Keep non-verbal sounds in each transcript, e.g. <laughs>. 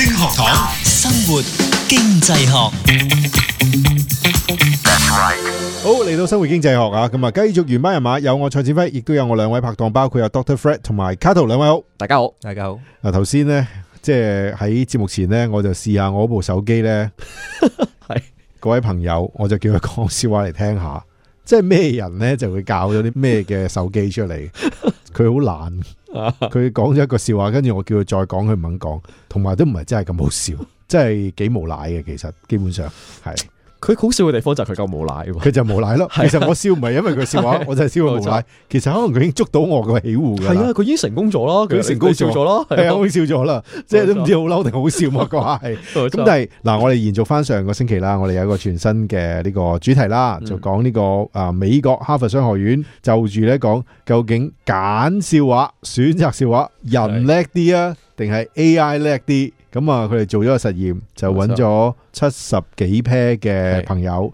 學生活經濟學，好嚟到生活經濟學啊！咁啊，繼續原班人馬，有我蔡志輝，亦都有我兩位拍檔，包括有 Doctor Fred 同埋 c a 卡圖兩位好，大家好，大家好。嗱，頭先呢，即係喺節目前呢，我就試下我部手機呢。係各 <laughs> 是位朋友，我就叫佢講笑話嚟聽下。即係咩人咧，就會教咗啲咩嘅手機出嚟，佢好懶，佢講咗一個笑話，跟住我叫佢再講，佢唔肯講，同埋都唔係真係咁好笑，真係幾無賴嘅，其實基本上係。佢好笑嘅地方就係佢夠無賴，佢就無賴咯。其實我笑唔係因為佢笑話，我真係笑佢無賴。其實可能佢已經捉到我嘅起護噶啦。係啊，佢已經成功咗啦，佢成功笑咗咯。係啊，我笑咗啦，即係都唔知好嬲定好笑咁啊！怪咁，但係嗱，我哋延續翻上個星期啦，我哋有一個全新嘅呢個主題啦，就講呢個啊美國哈佛商學院就住咧講究竟揀笑話選擇笑話人叻啲啊，定係 AI 叻啲？咁啊，佢哋做咗個實驗，錯就揾咗七十幾 pair 嘅朋友，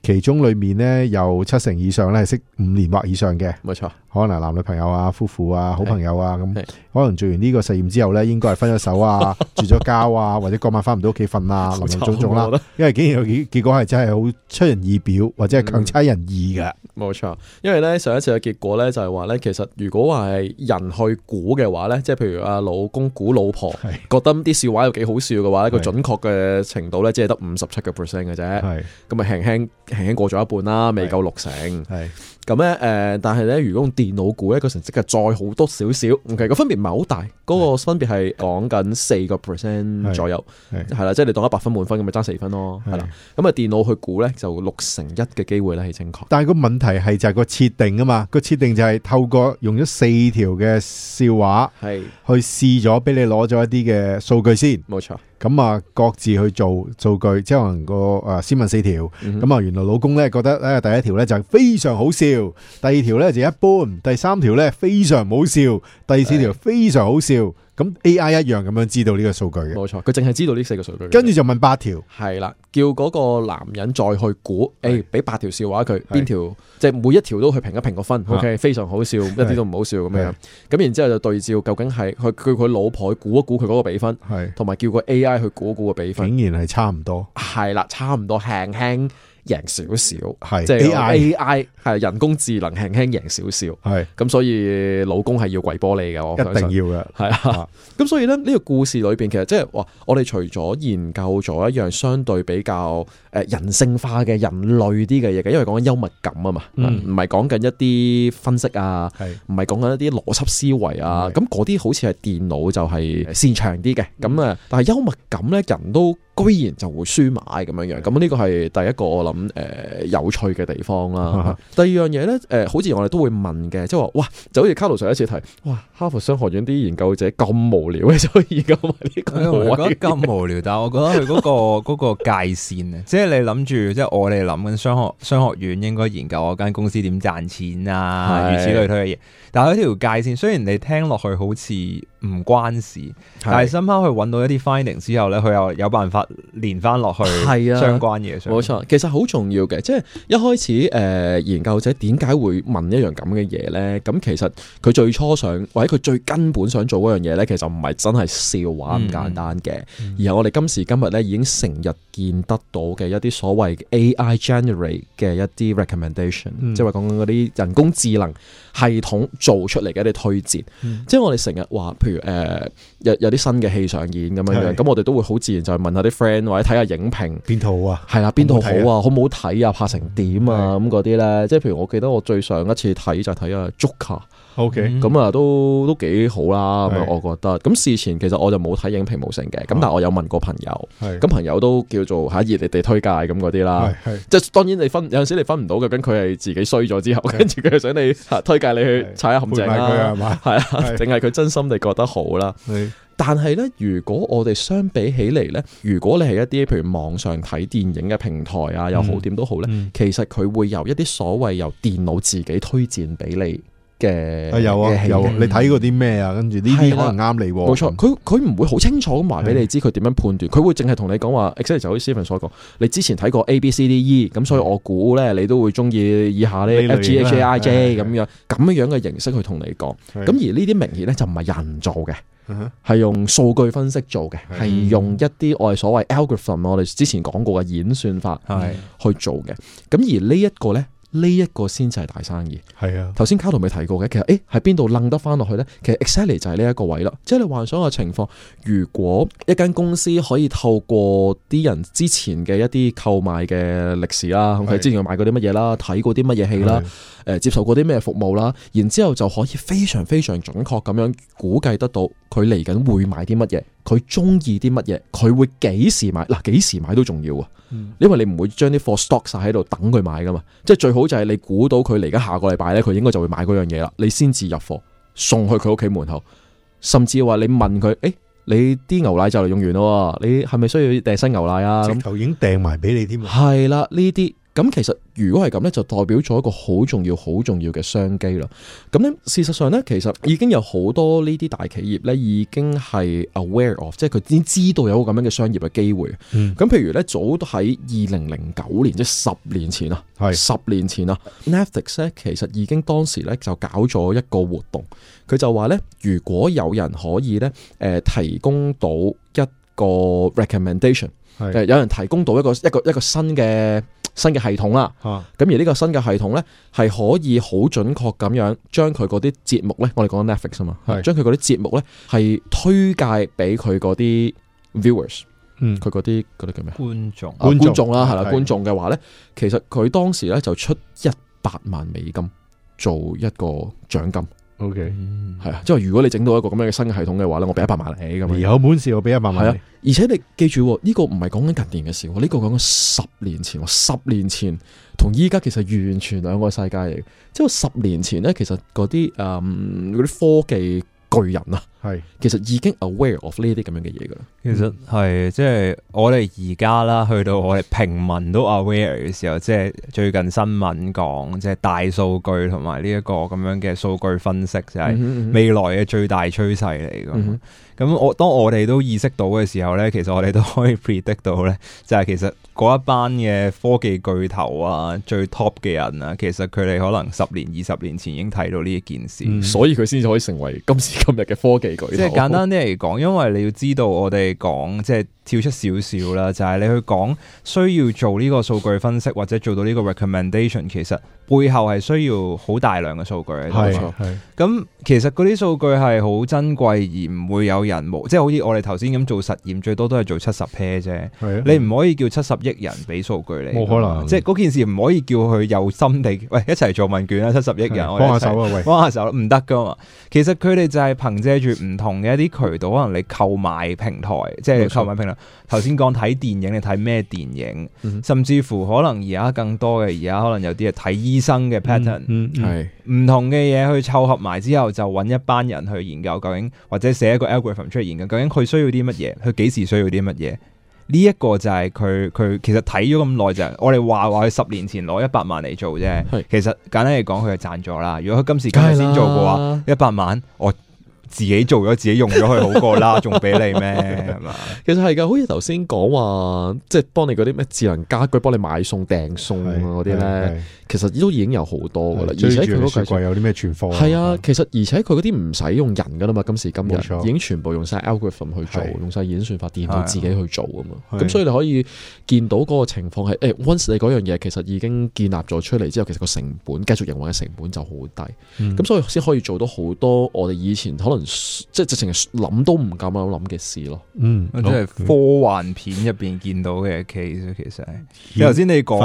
其中裏面咧有七成以上咧係識五年或以上嘅，冇錯。可能男男女朋友啊、夫婦啊、好朋友啊咁，可能做完呢個實驗之後咧，應該係分咗手啊、住咗交啊，或者嗰晚翻唔到屋企瞓啊，種種種啦。因為竟然結果係真係好出人意表，或者係強差人意嘅。冇錯，因為咧上一次嘅結果咧就係話咧，其實如果話係人去估嘅話咧，即係譬如阿老公估老婆，覺得啲笑話有幾好笑嘅話咧，個準確嘅程度咧，即係得五十七個 percent 嘅啫。係咁啊，輕輕輕輕過咗一半啦，未夠六成。係咁咧，誒，但係咧，如果電腦估一個成績係再好多少少，其、okay, 實是個分別唔係好大，嗰個分別係講緊四個 percent 左右，係啦，即係、就是、你當一百分滿分咁咪爭四分咯，係啦是，咁啊電腦去估咧就六成一嘅機會咧係正確，但係個問題係就係個設定啊嘛，個設定就係透過用咗四條嘅笑話係去試咗，俾你攞咗一啲嘅數據先，冇錯。咁啊，各自去做數據，即係可能個誒先問四條。咁啊、嗯哼，原來老公咧覺得誒第一條咧就係非常好笑，第二條咧就一般，第三條咧非常唔好笑，第四條非常好笑。咁 A I 一樣咁樣知道呢個數據嘅，冇錯，佢淨係知道呢四個數據。跟住就問八條，係啦，叫嗰個男人再去估，誒，俾八條笑話佢，邊條即係每一條都去評一評個分，OK，非常好笑，一啲都唔好笑咁樣。咁然之後就對照，究竟係佢叫佢老婆去估一估佢嗰個比分，係同埋叫個 A I 去估一估個比分，竟然係差唔多，係啦，差唔多輕輕。贏少少係，即係 A I A I 係人工智能輕輕贏少少係，咁所以老公係要跪玻璃嘅，我一定要嘅係啦。咁所以咧呢個故事裏邊，其實即係話，我哋除咗研究咗一樣相對比較誒人性化嘅人類啲嘅嘢嘅，因為講緊幽默感啊嘛，唔係講緊一啲分析啊，係唔係講緊一啲邏輯思維啊？咁嗰啲好似係電腦就係擅長啲嘅，咁啊，但係幽默感咧人都，居然就會輸買咁樣樣，咁呢個係第一個我諗誒、呃、有趣嘅地方啦。嗯、第二樣嘢咧，誒、呃，好似我哋都會問嘅，即係話，哇，就好似卡洛上一次提，哇，哈佛商學院啲研究者咁無聊，嘅，所以咁。我覺得咁無聊，但係我覺得佢、那、嗰個 <laughs> 個界線啊，即係 <laughs> 你諗住，即、就、係、是、我哋諗緊商學商學院應該研究我間公司點賺錢啊，的如此類推嘅嘢。但係嗰條界線，雖然你聽落去好似。唔關事，但係深刻去揾到一啲 finding 之後咧，佢又有辦法連翻落去係啊相關嘢。冇錯、啊，其實好重要嘅，即係一開始誒、呃、研究者點解會問一樣咁嘅嘢咧？咁其實佢最初想或者佢最根本想做樣嘢咧，其實唔係真係笑話咁簡單嘅，嗯嗯、而係我哋今時今日咧已經成日見得到嘅一啲所謂 AI generate 嘅一啲 recommendation、嗯、即係話講緊嗰啲人工智能系統做出嚟嘅一啲推薦，嗯、即係我哋成日話譬如。誒、呃、有有啲新嘅戲上演咁樣樣，咁的我哋都會好自然就係問下啲 friend 或者睇下影評邊套啊，係啦邊套好啊，好唔好睇啊，可可啊拍成點啊咁嗰啲咧，即係譬如我記得我最上一次睇就係睇啊《Joker》。OK，咁啊都都幾好啦，咁是的 我覺得。咁事前其實我就冇睇影評冇成嘅，咁、啊、但我有問過朋友，咁是的 朋友都叫做係熱烈地推介咁嗰啲啦，是的 即係當然你分有陣時你分唔到嘅，究竟佢係自己衰咗之後，跟住佢想你、啊、推介你去踩下陷阱啦，係啊，淨係佢真心地覺得好啦。是的 但係咧，如果我哋相比起嚟咧，如果你係一啲譬如網上睇電影嘅平台啊又好，點都好咧，其實佢會由一啲所謂由電腦自己推薦俾你。嘅啊有啊有，嗯、你睇過啲咩啊？跟住呢啲可能啱你喎。冇錯，佢佢唔會好清楚咁話俾你知佢點樣判斷，佢會淨係同你講話。exactly 就好似 Stephen 所講，你之前睇過 A B C D E，咁所以我估咧你都會中意以下咧 F G, G H A I J 咁的樣咁樣樣嘅形式去同你講。咁的而呢啲名義咧就唔係人做嘅，係用數據分析做嘅，係用一啲我哋所謂 algorithm，我哋之前講過嘅演算法去做嘅。咁的而呢一個咧。呢一個先至係大生意，係是啊！頭先卡圖未提過嘅，其實誒喺邊度楞得翻落去呢？其實 exactly 就係呢一個位啦。即係你幻想下情況，如果一間公司可以透過啲人之前嘅一啲購買嘅歷史啦，咁佢是的 之前買過啲乜嘢啦，睇過啲乜嘢戲啦，誒是的 接受過啲咩服務啦，然之後就可以非常非常準確咁樣估計得到佢嚟緊會買啲乜嘢。佢中意啲乜嘢？佢會幾時買？嗱，幾時買都重要啊！因為你唔會將啲貨 stock 晒喺度等佢買噶嘛。即係最好就係你估到佢嚟，而家下個禮拜咧，佢應該就會買嗰樣嘢啦。你先至入貨送去佢屋企門口，甚至話你問佢：誒、欸，你啲牛奶就嚟用完咯，你係咪需要訂新牛奶啊？咁就已經訂埋俾你添啊！係啦，呢啲。咁其實，如果係咁咧，就代表咗一個好重要、好重要嘅商機啦。咁咧，事實上咧，其實已經有好多呢啲大企業咧，已經係 aware of，即係佢已經知道有個咁樣嘅商業嘅機會。咁、嗯，譬如咧，早喺二零零九年，即十年前啦，是十年前啦，Netflix 咧，其實已經當時咧就搞咗一個活動，佢就話咧，如果有人可以咧，誒提供到一個 recommendation，誒是、呃、有人提供到一個一個一個新嘅。新嘅系統啦，咁、啊、而呢個新嘅系統咧，係可以好準確咁樣將佢嗰啲節目咧，我哋講 Netflix 啊嘛係，將佢嗰啲節目咧係推介俾佢嗰啲 viewers，嗯，佢嗰啲啲叫咩眾、啊？觀眾觀眾啦，係啦、啊，觀眾嘅的的話咧，其實佢當時咧就出一百萬美金做一個獎金。O K，係啊，即係 Okay. 如果你整到一個咁樣嘅新嘅系統嘅話咧，我俾一百萬你咁樣。你有本事我俾一百萬你。係啊，而且你記住呢個唔係講緊近年嘅事，呢個講緊十年前。十年前同依家其實完全兩個世界嚟。即係十年前咧，其實啲誒嗰啲科技。巨人啊，係是其實已經 aware of 這這、嗯就是、呢啲咁樣嘅嘢噶啦。其實係即係我哋而家啦，去到我哋平民都 aware 嘅時候，即、就、係、是、最近新聞講，即、就、係、是、大數據同埋呢一個咁樣嘅數據分析，就係未來嘅最大趨勢嚟噶。咁、嗯嗯、我當我哋都意識到嘅時候咧，其實我哋都可以 predict 到咧，就係、是、其實嗰一班嘅科技巨頭啊，最 top 嘅人啊，其實佢哋可能十年、二十年前已經睇到呢一件事，嗯，所以佢先至可以成為今時。今日嘅科技巨頭，即係簡單啲嚟講，因為你要知道我，我哋講即係跳出少少啦，就係、是、你去講需要做呢個數據分析或者做到呢個 recommendation，其實背後係需要好大量嘅數據，係係咁，其實嗰啲數據係好珍貴，而唔會有人無，即係好似我哋頭先咁做實驗，最多都係做七十 pair 啫，的你唔可以叫七十億人俾數據你，冇可能，即係嗰件事唔可以叫佢有心地喂一齊做問卷啦，七十億人，我幫下手啊喂，幫下手唔得噶嘛，其實佢哋就係、是。你憑藉住唔同嘅一啲渠道，可能你購買平台，即係你購買平台。頭先講睇電影，你睇咩電影？嗯、哼甚至乎可能而家更多嘅，而家可能有啲係睇醫生嘅 pattern，係唔、嗯嗯嗯、同嘅嘢去湊合埋之後，就揾一班人去研究究竟，或者寫一個 algorithm 出嚟研究究竟佢需要啲乜嘢，佢幾時需要啲乜嘢？呢、這、一個就係佢佢其實睇咗咁耐就，我哋話話佢十年前攞一百萬嚟做啫，是其實簡單嚟講，佢係賺咗啦。如果佢今時今日先做嘅話，一百、啊、萬我。自己做咗，自己用咗佢好過啦，仲俾你咩？ <laughs> 其實係㗎，好似頭先講話，即係幫你嗰啲咩智能家居，幫你買餸、訂餸啊嗰啲咧，其實都已經有好多㗎啦。是而且佢嗰個雪櫃有啲咩存貨？係啊，其實而且佢嗰啲唔使用人㗎啦嘛，今時今日錯已經全部用晒 algorithm 去做，是用晒演算法電腦自己去做啊嘛。咁所以你可以見到嗰個情況係，誒、欸、once 你嗰樣嘢其實已經建立咗出嚟之後，其實個成本繼續營運嘅成本就好低，咁、嗯、所以先可以做到好多我哋以前可能。即係直情諗都唔敢諗諗嘅事咯，嗯，即係科幻片入邊見到嘅 case 其實係，頭先、嗯嗯、你講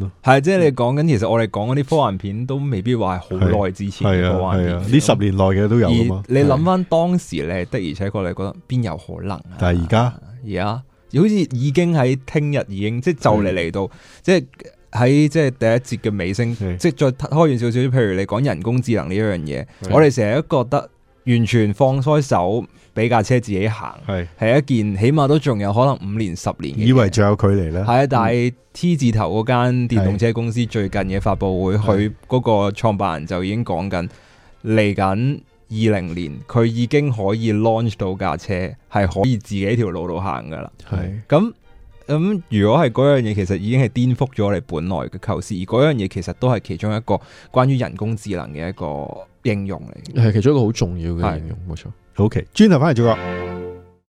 咯，係即係你講緊，其實我哋講嗰啲科幻片都未必話係好耐之前嘅科幻片，呢十年內嘅都有嘛，你諗翻當時咧，的而且確你覺得邊有可能啊？但係而家而家好似已經喺聽日已經，即係就嚟嚟到，的即係喺即係第一節嘅尾聲，的即係再開完少少，譬如你講人工智能呢樣嘢，的我哋成日都覺得。完全放開手，俾架車自己行，係是一件起碼都仲有可能五年十年，以為仲有距離呢？係啊！但係 T 字頭嗰間電動車公司最近嘅發布會，佢嗰、嗯、個創辦人就已經講緊嚟緊二零年，佢已經可以 launch 到架車，係可以自己條路度行噶啦。係咁咁，如果係嗰樣嘢，其實已經係顛覆咗我哋本來嘅構思。而嗰樣嘢其實都係其中一個關於人工智能嘅一個。應用嚟，係其中一個好重要嘅應用，冇錯是。好錯奇轉頭翻嚟做個。